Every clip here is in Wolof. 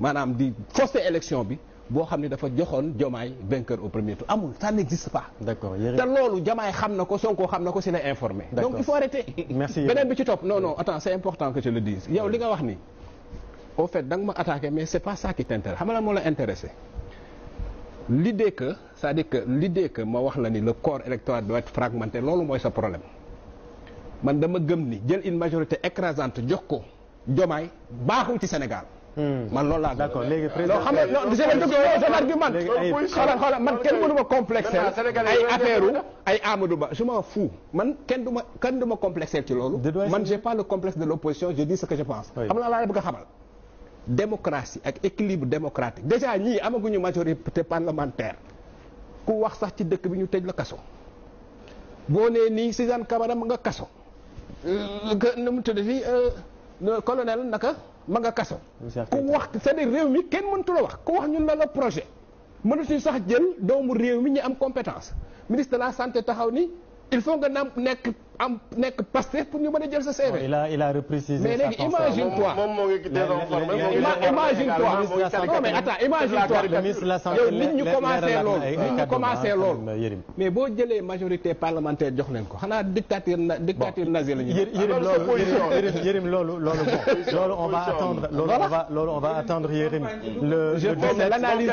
maanaam di fausser élection bi boo xam ne dafa joxoon Diomaye vainqueur au premier tour amul ça n'existe pas. d'accord te loolu Diomaye xam na ko Sonko xam na ko si la informé. donc il faut arrêter. merci beneen bi ci topp non non attends c'est important que je le dise. yow li nga wax ni au fait da nga ma attaqué mais c'est pas ça qui t'intéresse xam nga moo la intéressé l'idée que c'est-à-dire que l'idée que ma wax la ni le corps électoral doit être fragmenté loolu mooy sa problème man dama gëm ni jël une majorité écrasante jox ko Diomaye baaxul ci Sénégal. Hmm. man loolu laa. d'accord léegi président xam nga non je dis man. man kenn mënu ma complexer ay affaire ay Amadou Ba je m'en fous man kenn du ma kenn du ma complexer ci loolu. man j'ai pas le complexe de l'opposition je dis ce que je pense. xam nga laa la xamal. démocratie ak équilibre démocratique déjà ñii amaguñu majorité parlementaire ku wax sax ci dëkk bi ñu tëj la kaso boo nee nii Suzanne Camara nga kaso. Euh, nu mu tuddati euh, colonel naka. man nga kaso ku wax cest à réew mi kenn mëntu la wax ku wax ñun la la projet mënatuñ sax jël doomu réew mi ñu am compétence ministre de la santé taxaw ni il faut nga naam nekk am nekk Pastef pour ñu mëna jël sa CV. il a il a reprécisé mais léegi imagine toi moom moom moo quitté imagine toi non mais attends imagine toi yow nit ñu commencé lool nit ñu commencé lool mais bo jëlé majorité parlementaire jox leen ko xana dictature dictature nazi la ñu Yérim ah, lool Yérim loolu loolu bon loolu on va attendre lool on va lool on va attendre Yérim le je fais l'analyse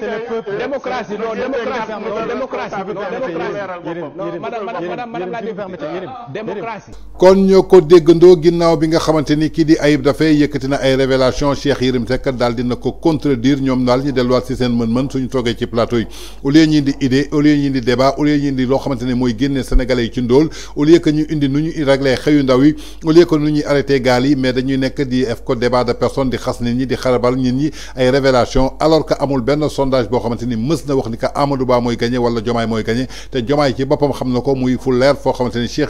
c'est le peuple démocratie non démocratie non démocratie non démocratie madame madame madame la députée ah. démocratie kon ñoo ko déggandoo ginnaaw bi nga xamante ni kii di Ayib Daffé yëkkati na ay révélation Cheikh yirim Seck daal dina ko contredire ñoom daal ñu delluwaat si seen mën-mën suñu toogee ci plateau yi au lieu ñi di idée au lieu ñi di débat au lieu ñi di loo xamante ne mooy génne sénégalais yi ci ndóol au lieu que ñu indi nu ñu régler xëyu ndaw yi au lieu que nu ñuy arrêté gaal yi mais dañuy nekk di def ko débat de personne di xas nit ñi di xarabal nit ñi ay révélation alors que amul benn sondage boo xamante ni mës na wax ni que Amadou Ba mooy gagné wala Jomaay mooy gagné te Jomaay ci boppam xam na ko muy fu leer foo xamante ni Cheikh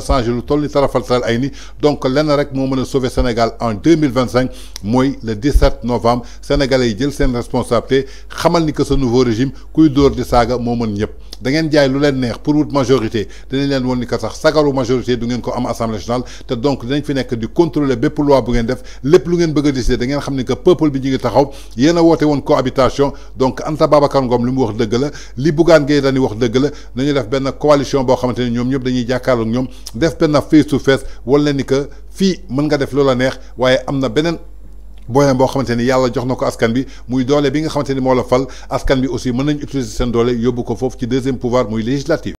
sans changer lu toll ni tarafaltal ay ni donc len rek mo sauver Sénégal en 2025 moi le 17 novembre sénégalais yi jël sen responsabilité xamal ni ce nouveau régime kuy d'or di saga. moment n'y ñep da ngeen jaay lu leen neex pour wut majorité dañ leen woon ni ko sax sagaru majorité du ngeen ko am assemblée nationale te donc dañ fi nekk di contrôler bép loi bu ngeen def lepp lu ngeen bëgg a décider da ngeen xam que peuple bi ñi ngi taxaw yéen woté won cohabitation donc Anta Babacar Ngom limu wax deug la li Bougane ngay dañi wax deug la nañu def ben coalition bo xamanteni ñom ñoom ñëpp dañuy jàkkaarloo ak ñom def ben face to face wala ni que fi mën nga def loola neex waaye amna benen booyam boo xamante ni yàlla jox na ko askan bi muy doole bi nga xamante ni moo la fal askan bi aussi mën nañu utiliser seen doole yóbbu ko foofu ci deuxième pouvoir muy législative